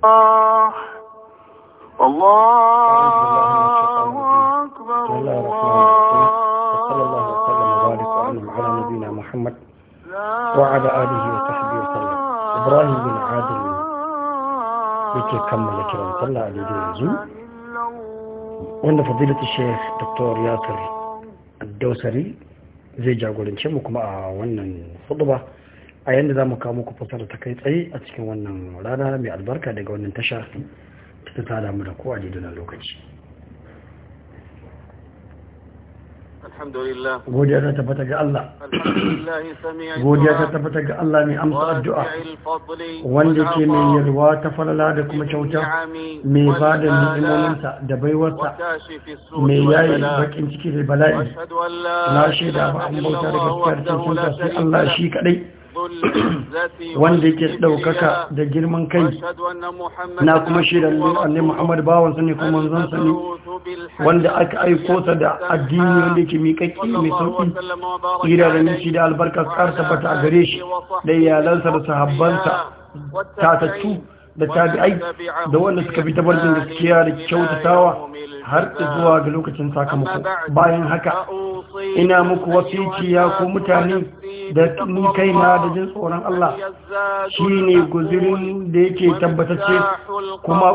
الله الله أكبر الله على نبينا محمد وعلى آله وصحبه وسلم إبراهيم بن عادل kammala kiran sallah a yanzu wanda fadilatu sheikh dr yasir dausari zai jagorance mu kuma a wannan hudu a yadda za mu kawo muku fasara ta kai tsaye a cikin wannan rana mai albarka daga wannan tasha ta ta damu da kowa daidai lokaci godiya ta tabbata ga Allah godiya ta tabbata ga Allah mai amsa addu'a wanda ke mai yalwa ta falala da kuma kyauta mai ba da ni'imominsa da baiwarsa mai yayi bakin ciki da bala'i na shaida ba an bauta da gaskiya cikin sai Allah shi kadai wanda yake ɗaukaka da girman kai na kuma shi da annabi Muhammad bawan sani kuma manzon sani wanda aka aiko sa da addini wanda yake miƙaƙƙi mai sauƙi irarin shi da albarka ƙar tabbata a gare shi da iyalansa da sahabbansa tatattu da tabi'ai da wanda suka fi tabbacin gaskiya da kyautatawa har zuwa ga lokacin sakamako bayan haka ina muku wasiki ko mutane da ni kaina da jin tsoron Allah ne guzurin da yake tabbatacce kuma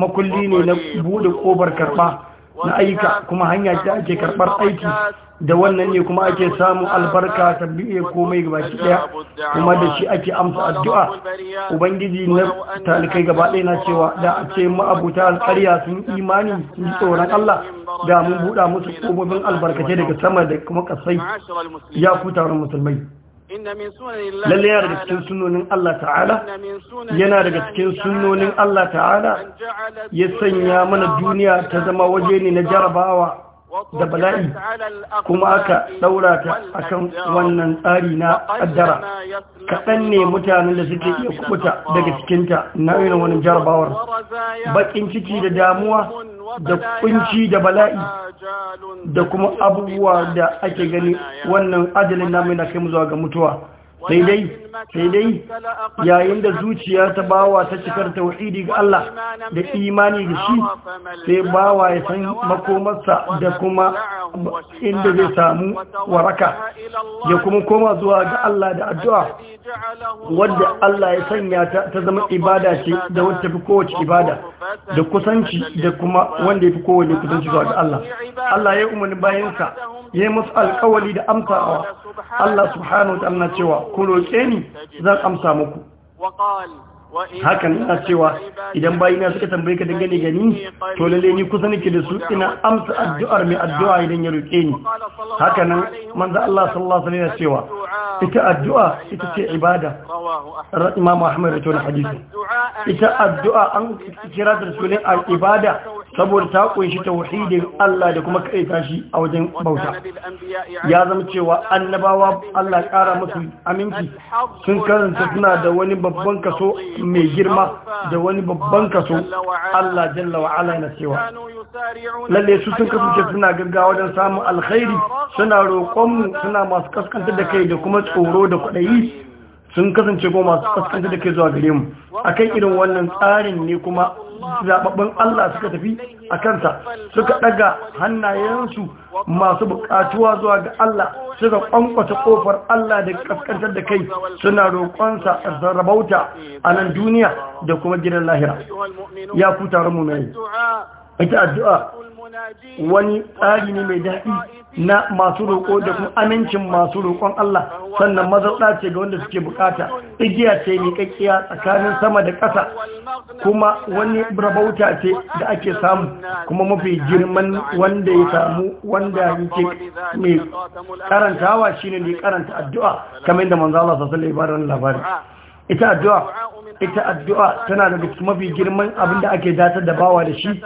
makulli ne na bude kobar karba na ayyuka kuma hanya ta ake karɓar aiki da wannan ne kuma ake samun albarka ta biye komai baki ɗaya kuma da shi ake amsa addu'a ubangiji na talikai gaba ɗaya na cewa da a ce ma'abuta alƙarya sun imani sun ji tsoron Allah da mun buɗa musu komobin albarkace daga sama da kuma ƙasai ya ku taron musulmai lalle yana daga cikin sunonin Allah ta'ala yana daga cikin sunonin Allah ta'ala ya sanya mana duniya ta zama waje ne na jarabawa da bala'i kuma aka ɗaura ta akan wannan tsari na addara. kaɗan ne mutanen da suke iya kubuta daga cikinta na irin wani jarabawar baƙin ciki da damuwa da kunci da bala'i da kuma abubuwa da ake gani wannan ajalin namu na kai mu zuwa ga mutuwa sai dai sai dai yayin da zuciya ta bawa ta cikar tauhidi ga Allah da imani da shi sai bawa ya san makomarsa da kuma inda zai samu waraka ya kuma koma zuwa ga Allah da addu'a wadda Allah ya sanya ta zama ibada ce da wadda fi kowace ibada da kusanci da kuma wanda ya fi kowane kusanci zuwa ga Allah Allah ya umarni bayansa ya yi musu alkawali da amsawa Allah subhanahu wa ta'ala cewa ku roƙe ni zan amsa muku hakan na cewa idan bayina suka tambaye ka dangane gani to lalle ni kusa nake da su ina amsa addu'ar mai addu'a idan ya roke ni haka nan manzo Allah sallallahu alaihi wasallam cewa ita addu'a ita ce ibada Imam Ahmad ya hadisi ita addu'a an kira ta sunan ibada saboda ta kunshi tauhidin Allah da kuma kaita shi a wajen bauta ya zama cewa annabawa Allah kara musu aminci sun karanta suna da wani babban kaso mai girma da wani babban kaso Allah jalla wa ala cewa lalle su sun kasance suna gaggawa don samun alkhairi suna roƙonmu suna masu kaskantar da kai da kuma tsoro da kwaɗayi sun kasance goma masu kaskanta da ke zuwa gare mu akan irin wannan tsarin ne kuma zababban Allah suka tafi a kansa suka daga hannayensu masu bukatuwa zuwa ga Allah suka kwankwata kofar Allah da kaskantar da kai suna roƙonsa rabauta a nan duniya da kuma gidan lahira ya ku taron mu mai ake addu'a wani tsari ne mai daɗi na masu roƙo da kuma amincin masu roƙon Allah sannan mazauɗa ce ga wanda suke bukata igiya ce mai kakkiya tsakanin sama da ƙasa kuma wani rabauta ce da ake samu kuma mafi girman wanda ya samu wanda yake mai karantawa shine ne karanta addu'a kamar da manzo Allah sallallahu alaihi wasallam labarin ita addu'a ita addu'a tana daga cikin mafi girman abin da ake datar da bawa da shi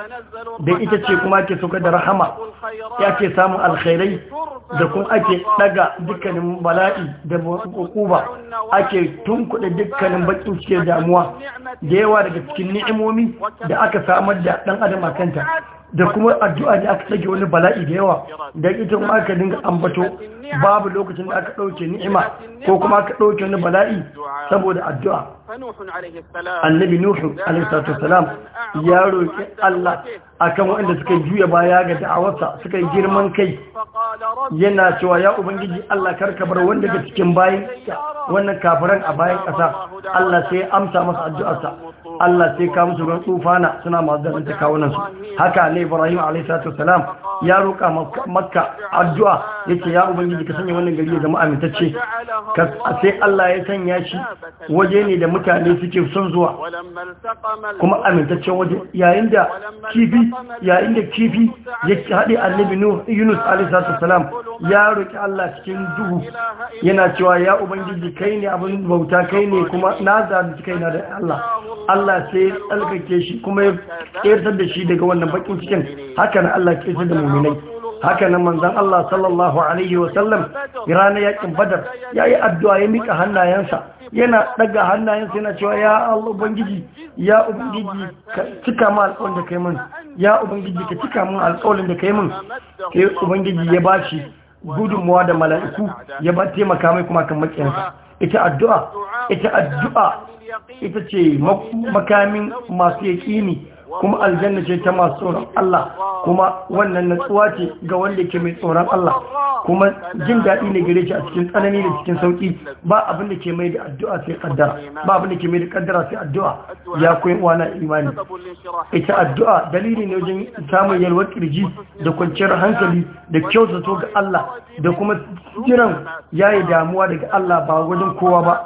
da ita ce kuma ake saukar da rahama ya ke samun alkhairai da kuma ake daga dukkanin bala'i da hukuba ake tunkuɗe dukkanin bakin cikin damuwa da yawa daga cikin ni'imomi da aka samar da ɗan adam a kanta da kuma addu'a ne aka ɗage wani bala'i da yawa da ita kuma aka dinga ambato babu lokacin da aka ɗauke ni'ima ko kuma aka ɗauke wani bala'i saboda addu'a annabi nuhu alaihi wasallam ya roki Allah akan waɗanda suka juya baya ga da'awarsa suka yi girman kai yana cewa ya ubangiji Allah karka bar wanda ga cikin bayan wannan kafiran a bayan ƙasa Allah sai amsa masa addu'arsa Allah sai ka musu ran tsufana suna mazalanta kawunan su haka ne Ibrahim alaihi wasallam ya roka Makka addu'a yace ya ubangiji ka sanya wannan gari ya zama amintacce sai Allah ya sanya shi waje ne da mutane suke son zuwa kuma amintaccen waje yayin da kifi yayin da kifi ya haɗe annabi yunus Salam ya roƙi allah cikin duhu yana cewa ya ubangiji kai ne abin bauta kai ne kuma na zalunci kai na da allah allah sai ya tsalkake shi kuma ya ƙertar da shi daga wannan bakin cikin haka na allah ƙetar da muminai haka nan manzan Allah sallallahu Alaihi wasallam ranar yakin badar ya yi addu'a ya mika hannayensa yana daga hannayen sai na cewa ya Allah ubangiji ya ubangiji ka cika min alƙawarin da kai min ya ubangiji ka cika min alƙawarin da kai min sai ubangiji ya bashi gudunmuwa da mala'iku ya ba taimaka mai kuma kan makiyansa ita addu'a ita addu'a ita ce makamin masu yaƙini kuma aljanna ce ta masu tsoron Allah kuma wannan natsuwa ce ga wanda ke mai tsoron Allah kuma jin daɗi ne gare shi a cikin tsanani da cikin sauƙi ba abin da ke mai da addu'a sai kaddara ba abin da ke mai da kaddara sai addu'a ya koyi wani imani ita addu'a dalili ne wajen samun yalwar kirji da kwanciyar hankali da kyautato ga Allah da kuma jiran yayi damuwa daga Allah ba wajen kowa ba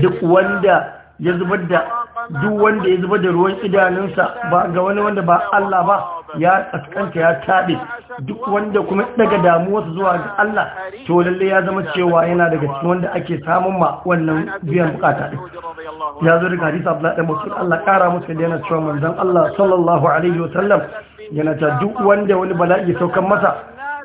duk wanda ya zubar da duk wanda ya zuba da ruwan idanunsa ba ga wani wanda ba Allah ba ya tsakanta ya taɓe duk wanda kuma daga damuwarsa zuwa ga Allah to lalle ya zama cewa yana daga cikin wanda ake samun ma wannan biyan bukata din ya zo daga hadisi Abdullah da Mas'ud Allah kara masa da yana cewa manzon Allah sallallahu alaihi wasallam yana ta duk wanda wani bala'i saukan masa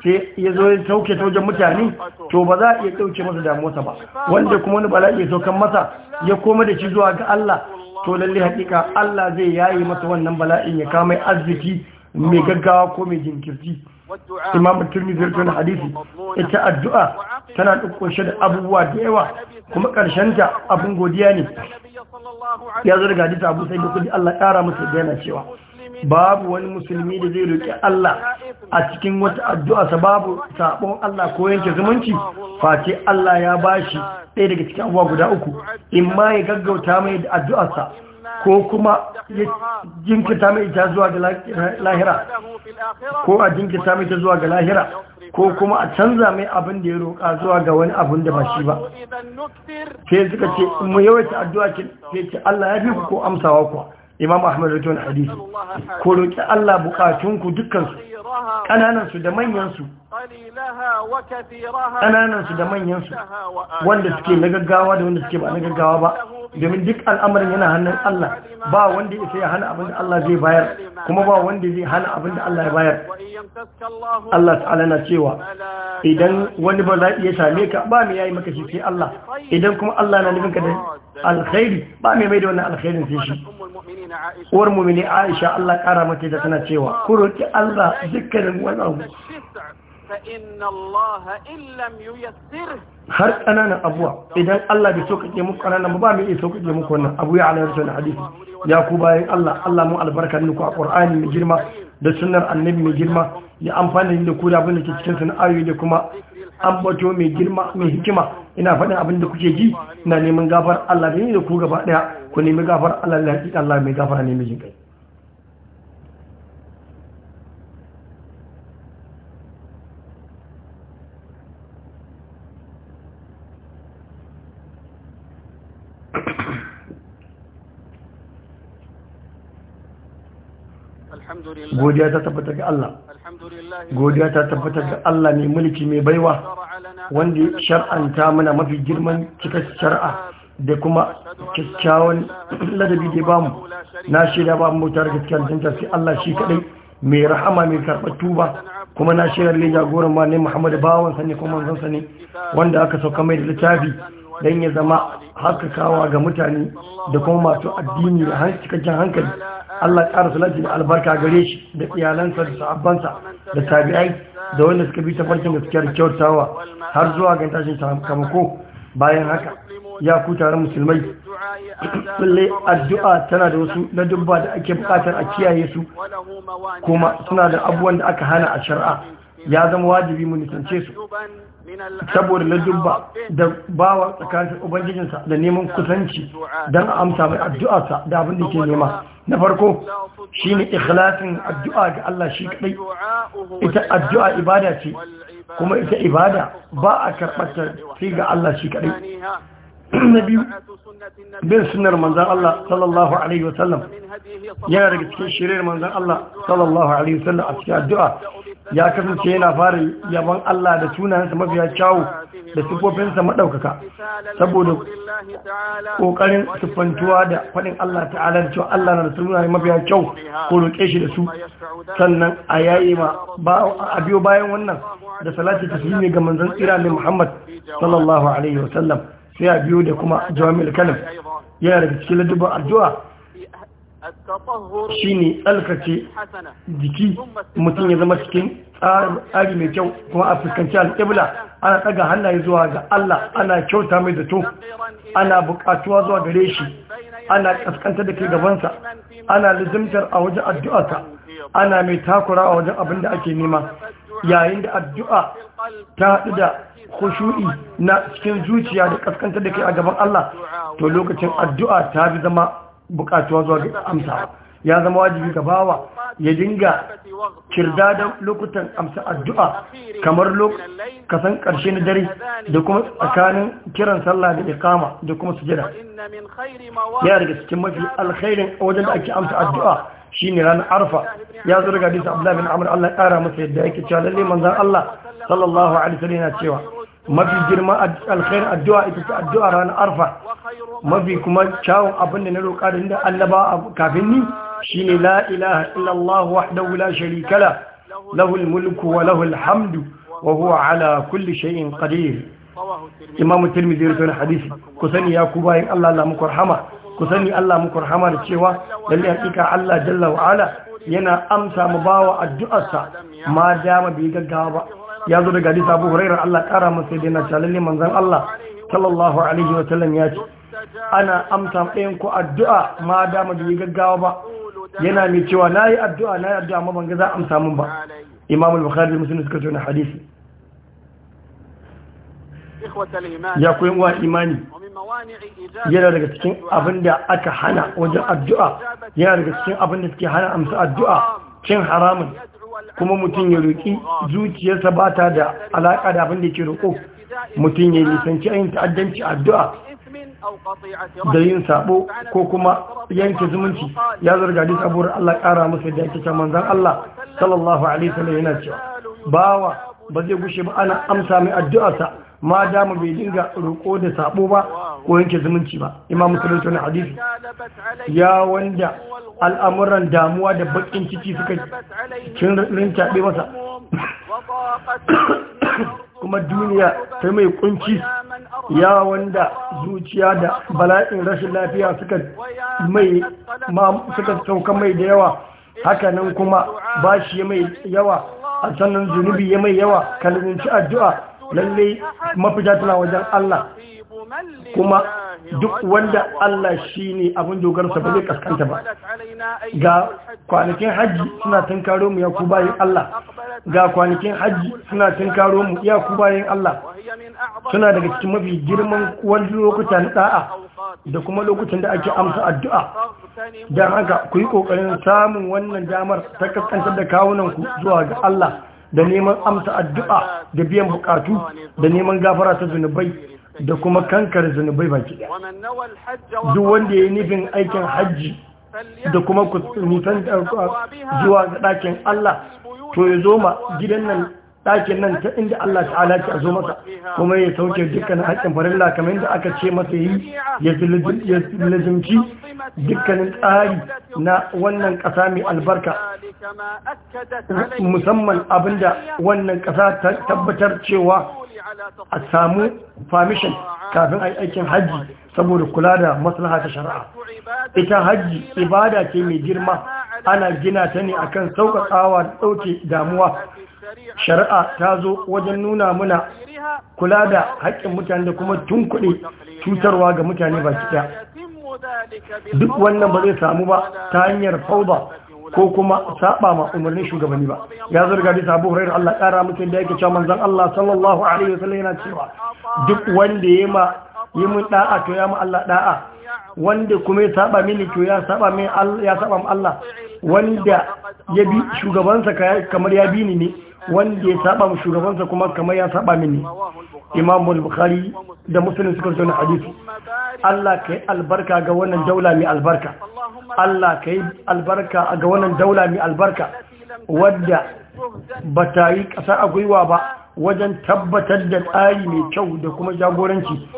sai ya zo ya sauke ta wajen mutane to ba za a iya ɗauke masa damuwarsa ba wanda kuma wani bala'i saukan masa ya koma da shi zuwa ga Allah to lalle hakika Allah zai yayi masa wannan bala'in ya kama arziki mai gaggawa ko mai jinkirti imam turmizi ya tona hadisi ita addu'a tana kunshe da abubuwa da yawa kuma ta abin godiya ne ya zo daga abu sai da kudi Allah ƙara masa yana cewa babu wani musulmi da zai roƙi Allah a cikin wata addu'a sa babu sabon Allah ko yanke zumunci face Allah ya bashi ɗaya daga cikin abuwa guda uku in ma ya gaggauta mai da addu'arsa ko kuma ya jinkita mai ta zuwa ga lahira ko a jinkita mai ta zuwa ga lahira ko kuma a canza mai abin da ya roƙa zuwa ga wani abin da ba shi ba sai suka ce mu yawaita addu'a ce Allah ya fi ku ko amsawa kuwa imam ahmad rajon hadisi ko roƙi Allah bukatunku dukkansu ƙananansu da manyansu ƙananansu da manyansu wanda suke na gaggawa da wanda suke ba na gaggawa ba domin duk al'amarin yana hannun Allah ba wanda ya ya hana abin da Allah zai bayar kuma ba wanda zai hana abin da Allah ya bayar Allah ta'ala na cewa idan wani ba za iya same ka ba mai yayi maka shi sai Allah idan kuma Allah na nufin ka da alkhairi ba mai mai da wannan alkhairin sai shi uwar mumini aisha Allah kara mata da tana cewa ku roki Allah dukkanin wani abu har ƙananan abuwa idan Allah bai sauƙaƙe muku ƙananan ba mai iya sauƙaƙe muku wannan abu ya alayar sunan hadisi ya ku bayan Allah Allah mu albarkar nuku a ƙur'ani mai girma da sunar annabi mai girma ya amfani da ku da abin da ke cikin sana'ayoyi da kuma An bato mai girma mai hikima ina faɗin abin da kuke ji na neman gafar Allah ne da ku gaba ɗaya ku nemi gafar Allah da hakika Allah mai gafara ne mai jin kai godiya ta tabbata ga Allah godiya ta tabbatar ga Allah mai mulki mai baiwa wanda ya shar'anta mana mafi girman cikas shar'a da kuma kyakkyawan ladabi da bamu na shaida ba mu tare cikin jinta sai Allah shi kadai mai rahama mai karɓar tuba kuma na shaida ne jagoran ma ne Muhammad bawan sani kuma manzon ne wanda aka sauka mai da littafi dan ya zama haskakawa ga mutane da kuma masu addini da cikakken hankali Allah ƙara salati da albarka gare shi da iyalansa da sa'abbansa da tabi'ai da wanda suka bi tafarkin gaskiyar kyautawa har zuwa ga tashin sakamako bayan haka ya ku taron musulmai kulle addu'a tana da wasu na dubba da ake bukatar a kiyaye su kuma suna da abubuwan da aka hana a shari'a ya zama wajibi mu nisance su saboda ladubba da bawa tsakanin ubangijinsa da neman kusanci don a amsa mai addu'arsa da abin da ke nema na farko shine ikhlasin addu'a ga Allah shi kadai ita addu'a ibada ce kuma ita ibada ba a karɓarta sai ga Allah shi kadai na biyu bin sunnar manzan Allah sallallahu alaihi wasallam yana daga cikin shirin manzan Allah sallallahu alaihi wasallam a cikin addu'a ya kasance yana fara yabon Allah da sunansa mafiya kyawu da sifofinsa maɗaukaka saboda ƙoƙarin siffantuwa da faɗin Allah ta'ala da cewa Allah na da sunaye mafiya kyau ko roƙe shi da su sannan a yayi ma a biyo bayan wannan da salati taslimi ga manzon tsira ne Muhammad sallallahu alaihi wa sai a biyo da kuma jami'ul kalam yana daga cikin ladubar addu'a shi ne tsarkace jiki mutum ya zama cikin tsari mai kyau kuma a fuskanci alƙibla ana tsaga hannaye zuwa ga Allah ana kyauta mai zato ana buƙatuwa zuwa gare shi ana ƙaskantar da ke gabansa ana lizimtar a wajen addu'arsa ana mai takura a wajen abin da ake nema yayin da addu'a ta haɗu da kushu'i na cikin zuciya da ƙaskantar da ke a gaban Allah to lokacin addu'a ta bi zama bukatuwa zuwa ga amsa ya zama wajibi ga bawa ya dinga kirda da lokutan amsa addu'a kamar kasan karshe na dare da kuma tsakanin kiran sallah da iqama da kuma sujada ya daga cikin mafi alkhairin wajen da ake amsa addu'a shine ranar arfa ya zo daga hadisi abdullahi bin amr Allah ya kara masa yadda yake cewa lalle manzon Allah sallallahu alaihi wasallam yana cewa mafi girma alkhair addu'a ita ta addu'a ranar arfa mafi kuma kyawun abin da na roƙa da inda allaba kafin ni shine la ilaha illallah wahdahu la sharika la lahul mulku wa lahul hamdu wa huwa ala kulli shay'in qadir imam tirmidhi ya rawaita hadisi ku sani ya ku bayin Allah Allah muku rahama ku sani Allah muku rahama da cewa lalle hakika Allah jalla wa ala yana amsa mu bawa addu'arsa ma dama bai gaggawa ba ya zo daga hadisa abu hurairar Allah kara masu da yana chalalle manzan Allah sallallahu alaihi wa sallam ya ce ana amsa ɗayan ku addu'a ma da mu yi gaggawa ba yana mai cewa nayi addu'a na nayi addu'a amma ban ga za amsa mun ba imam al-bukhari da muslim suka tona hadisi ya koyi wa imani yana daga cikin abin da aka hana wajen addu'a yana daga cikin abin da suke hana amsa addu'a cin haramun kuma mutum ya roƙi zuciyarsa ba ta da alaƙa da abin da ke roƙo mutum ya nisanci ayin ta'addanci addu'a da yin sabo ko kuma yanke zumunci ya zarga duk abuwar Allah ƙara masa da yake manzan Allah sallallahu alaihi wasallam yana cewa bawa ba zai gushe ba ana amsa mai addu'arsa ma damu bai dinga roƙo da sabo ba ko yanke zumunci ba imam musulun tunan hadisi ya wanda al'amuran damuwa da bakin ciki suka cin rintaɓe masa kuma duniya ta mai kunci ya wanda zuciya da bala'in rashin lafiya suka mai suka sauka mai da yawa hakanan kuma bashi mai yawa a sannan zunubi ya mai yawa kalibinci addu'a Lallai mafita tana wajen Allah kuma duk wanda Allah shi ne abin dogarsa ba zai kaskanta ba ga kwanakin hajji suna tunkaro mu ya ku bayan Allah ga kwanakin hajji suna tunkaro mu ya ku bayan Allah suna daga cikin mafi girman wani lokuta na da'a da kuma lokutan da ake amsa addu'a don haka ku yi ƙoƙarin samun wannan damar ta kaskantar da kawunanku zuwa ga Allah da neman amsa addu'a da biyan bukatu da neman gafara ta zunubai da kuma kankar zunubai baki daya duk wanda ya yi nufin aikin hajji da kuma kusurmutan zuwa ga ɗakin Allah to ya zo ma gidan nan ɗakin nan ta inda Allah ta'ala ke a zo masa kuma ya sauke dukkanin haƙƙin farilla kamar yadda aka ce masa yi ya lazimci dukkanin tsari na wannan ƙasa mai albarka musamman abinda wannan ƙasa ta tabbatar cewa a samu famishin kafin a aikin hajji saboda kula da maslaha ta shari'a ita hajji ibada ce mai girma ana gina ta ne akan sauƙaƙawa ɗauke damuwa shari'a ta zo wajen nuna muna kula da haƙƙin mutane da kuma tunkuɗe cutarwa ga mutane ba ɗaya duk wannan ba zai samu ba ta hanyar fauba ko kuma saba ma umarnin shugabanni ba ya zarga da sabu hurairu Allah ƙara muke da yake cewa manzon Allah sallallahu alaihi wasallam yana cewa duk wanda ya ma yi mun da'a to ya mu Allah da'a wanda kuma ya saba mini to ya saba min ya saba mu Allah wanda ya bi shugabansa kamar ya bi ni ne wanda ya saba mu shugabansa kuma kamar ya saba mini imam bukhari da muslim suka zo na hadisi Allah kai albarka ga wannan daula mai albarka Allah kai albarka ga wannan daula mai albarka wadda ba ta yi ƙasa a gwiwa ba wajen tabbatar da tsari mai kyau da kuma jagoranci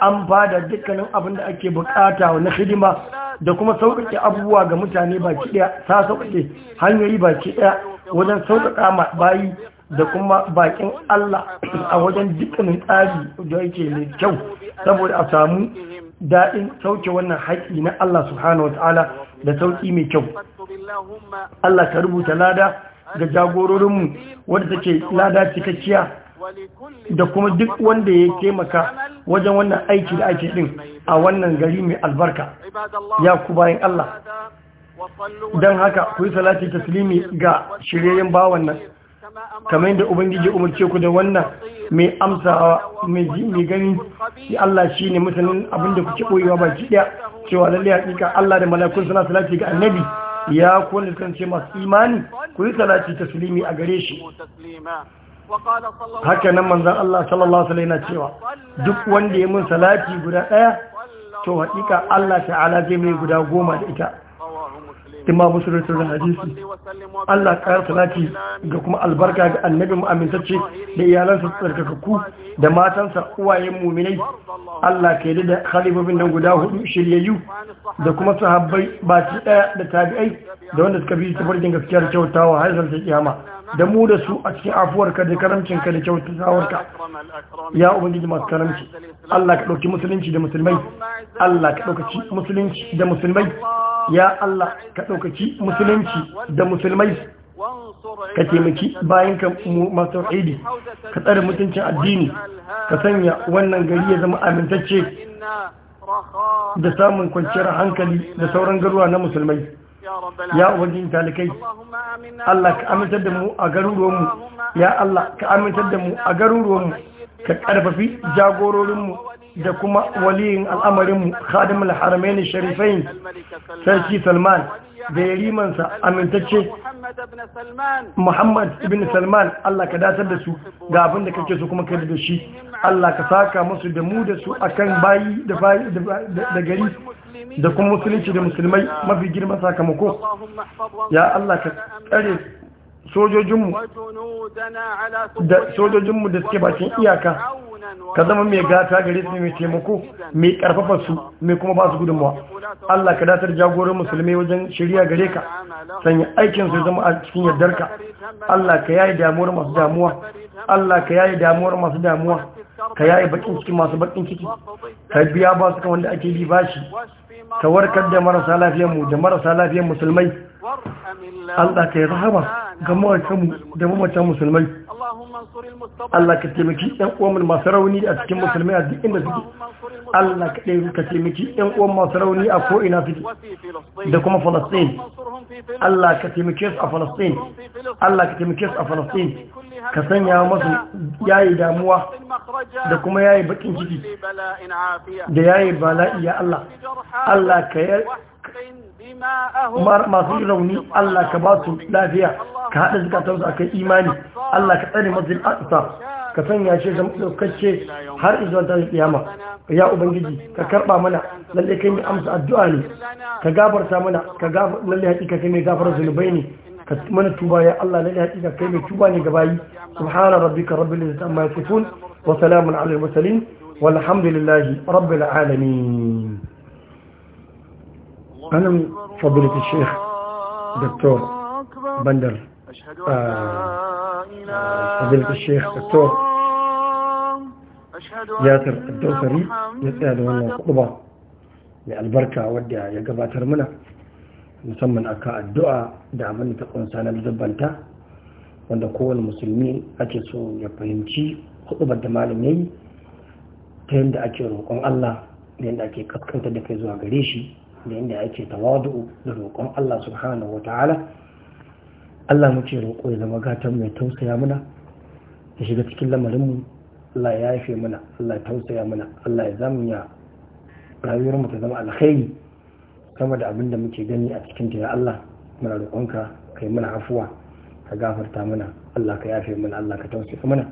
an ba da dukkanin abin da ake bukata na hidima da kuma sauƙaƙe abubuwa ga mutane baki ɗaya ta sauƙaƙe hanyoyi baki ɗaya wajen sauƙaƙa ma bayi da kuma bakin Allah a wajen dukkanin tsari da yake mai kyau saboda a samu daɗin sauke wannan haƙi na Allah subhanahu wata'ala da sauƙi mai kyau Allah ka rubuta lada ga jagororinmu wadda take lada cikakkiya da kuma duk wanda ya taimaka wajen wannan aiki da ake din a wannan gari mai albarka ya ku bayan Allah don haka ku yi salati taslimi ga shiryayyen bawan nan kamar yadda ubangiji umarce ku da wannan mai amsawa mai gani shi Allah shi ne mutanen abinda kuke boyewa baki ɗaya, cewa lalle hakika Allah da malakun suna salati ga annabi ya kuwa da masu imani ku yi salati taslimi a gare shi haka nan manzan Allah sallallahu alaihi na cewa duk wanda ya mun salati guda ɗaya to haƙiƙa Allah ta'ala zai mai guda goma da ita imam musulun da hadisi Allah ƙara salati ga kuma albarka ga annabi mu'amintacce da iyalansa tsarkakku da matansa uwayen muminai Allah ka yi da khalifofin nan guda hudu shiryayyu da kuma sahabbai ci ɗaya da tabi'ai da wanda suka bi tafarkin gaskiyar kyautawa har zanta kiyama da mu da su a cikin afuwarka da karamcinka da kyautawarka ya ubangiji masu karamci Allah ka ɗauki musulunci da musulmai Allah ka ɗaukaci musulunci da musulmai ya Allah ka ɗaukaki musulunci da musulmai ka taimaki bayan ka masu aidi ka tsare mutuncin addini ka sanya wannan gari ya zama amintacce da samun kwanciyar hankali da sauran garuwa na musulmai ya ubangiji talikai Allah ka amintar da mu a garuruwanmu ya Allah ka amintar da mu a garuruwanmu ka ƙarfafi jagororinmu da kuma waliyin al'amarinmu khadimul haramain sharifain sarki salman da rimansa amintacce muhammad ibn salman Allah ka datar da su ga abin da kake so kuma kai da shi Allah ka saka musu da mu da su akan bayi da bayi da gari da kuma musulunci da musulmai mafi girman sakamako ya Allah ka tsare sojojinmu da suke bakin iyaka ka zama mai gata gare su mai taimako mai karfafa su mai kuma ba su gudunmawa Allah ka datar jagoran musulmi wajen shirya gare ka sanya aikin su zama a cikin yardarka Allah ka yayi damuwar masu damuwa Allah ka yayi damuwar masu damuwa ka yayi bakin ciki masu bakin ciki ka biya ba su kan wanda ake bi bashi ka warkar da marasa lafiyar mu da marasa lafiyar musulmai Allah ka yi rahama ga mawakanmu da mamacan musulmai Allah ka taimaki yan uwan masu rauni a cikin musulmai a duk inda suke Allah ka ɗaya ka taimaki ƴan uwan masu rauni a ko'ina suke da kuma Falasɗin Allah ka taimake su a Falasɗin Allah ka taimake su a Falasɗin ka sanya masu yayi damuwa da kuma yayi bakin ciki da yayi bala'i ya Allah Allah ka masu rauni Allah ka ba su lafiya ka haɗa a akan imani Allah ka tsare masu al'asa ka sanya shi zama ɗaukacce har izuwan tashi kiyama ya ubangiji ka karba mana lalle kai amsa addu'a ne ka gafarta mana ka gafarta lalle hakika kai mai gafar zunubai ne ka mana tuba ya Allah lalle hakika kai mai tuba ne gabayi subhana rabbika rabbil izzati amma yasifun wa salamun alal mursalin walhamdulillahi rabbil alamin أنا فضيلة الشيخ دكتور بندر آه فضيلة الشيخ دكتور ياسر الدوسري يسأل والله خطبة للبركة ya gabatar mana musamman aka addu'a da abinda da ta kunsa na wanda kowane musulmi ake so ya fahimci hudubar da malam ta yadda ake rokon Allah da yadda ake kaskanta da kai zuwa gare shi da yadda ake tawadu da rokon Allah subhanahu wataala Allah muke roƙo ya zama gatan mai tausaya muna ya shiga cikin lamarinmu Allah ya yafe muna Allah ya tausaya muna Allah ya ya rayuwar mu ta zama alkhairi sama da abin da muke gani a cikin ya Allah muna roƙonka kai mana afuwa ka gafarta muna Allah ka yafe muna Allah ka tausaya muna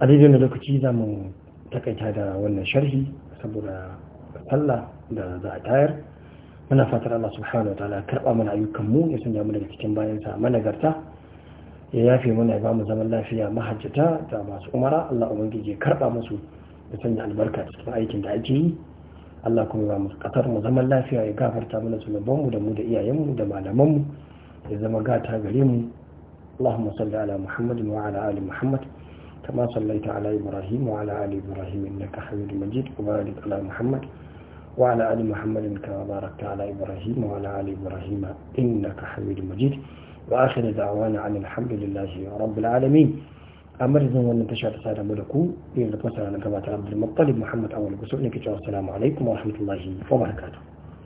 a daidai wani lokaci za mu takaita da wannan sharhi saboda sallah da za a tayar muna fatar Allah subhanahu wa ta'ala karba mana ayyukan mu ya sanya mu daga cikin bayan sa managarta ya yafe mana ya ba mu zaman lafiya mahajjata da masu umara Allah ubangiji ya karba musu ya sanya albarka cikin aikin da ake yi Allah kuma ba mu kasar mu zaman lafiya ya gafarta mana zunuban mu da mu da iyayen mu da malaman mu ya zama gata gare mu Allahumma salli ala Muhammad wa ala ali Muhammad كما صليت على إبراهيم وعلى آل إبراهيم إنك حميد مجيد وبارك على محمد وعلى آل محمد كما باركت على إبراهيم وعلى آل إبراهيم إنك حميد مجيد وآخر دعوانا عن الحمد لله رب العالمين أمرنا أن ننتشر رسالة ملكو إلى مثلا كما عبد المطلب محمد أول بسوء نكتشف السلام عليكم ورحمة الله وبركاته